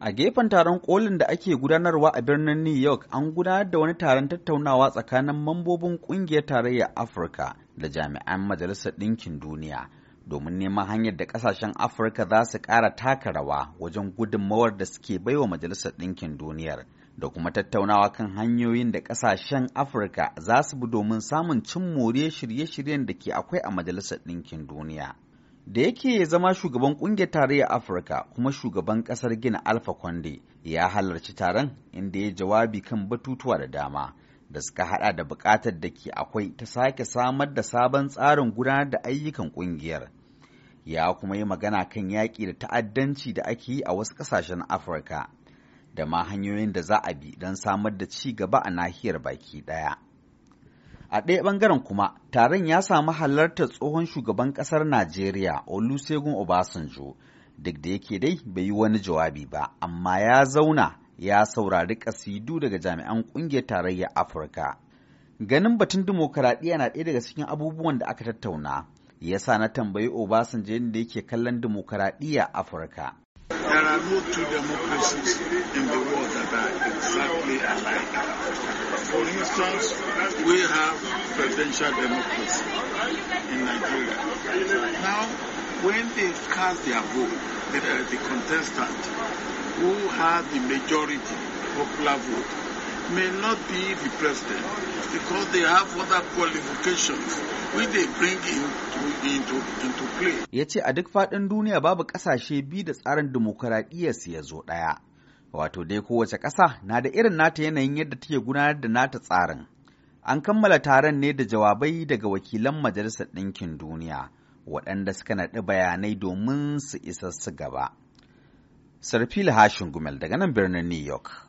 A gefen taron kolin da ake gudanarwa a birnin New York an gudanar da wani taron tattaunawa tsakanin mambobin kungiyar tarayyar Afirka da jami'an Majalisar Ɗinkin Duniya domin neman hanyar da ƙasashen Afirka za su ƙara taka rawa wajen gudunmawar da suke baiwa Majalisar Ɗinkin Duniyar da kuma tattaunawa kan hanyoyin da ƙasashen Afirka za su bi domin samun cin more shirye-shiryen da ke akwai a Majalisar Ɗinkin Duniya. da yake zama shugaban kungiyar tarayyar afirka kuma shugaban kasar gina alfa Conde ya halarci taron inda ya jawabi kan batutuwa da dama da suka hada da bukatar da ke akwai ta sake samar da sabon tsarin gudanar da ayyukan kungiyar ya kuma yi magana kan yaƙi da ta'addanci da ake yi a wasu ƙasashen afirka da ma hanyoyin da za a bi don samar da ci gaba a nahiyar baki ɗaya. A ɗaya ɓangaren kuma, taron ya samu halartar tsohon shugaban ƙasar Najeriya Olusegun Obasanjo, duk da yake dai bai yi wani jawabi ba, amma ya zauna ya saurari ƙasidu daga jami'an ƙungiyar tarayyar Afirka. Ganin batun dimokuraɗiya na ɗaya daga cikin abubuwan da aka tattauna, ya sa na tambayi Obasanjo yadda yake kallon dimokuraɗiyya Afirka. exactly alike. For instance, we have presidential democracy in Nigeria. Now, when they cast their vote, the, uh, the contestant who has the majority popular vote may not be the president because they have other qualifications bring Ya ce a duk faɗin duniya babu ƙasashe biyu da tsarin dimokuraɗiyyarsu ya zo ɗaya. Wato dai kowace ƙasa na da irin nata yanayin yadda take gudanar da nata tsarin. An kammala taron ne da jawabai daga wakilan Majalisar Ɗinkin Duniya, waɗanda suka naɗi bayanai domin su isa su gaba. Sarfil Hashin Gumel daga nan birnin New York.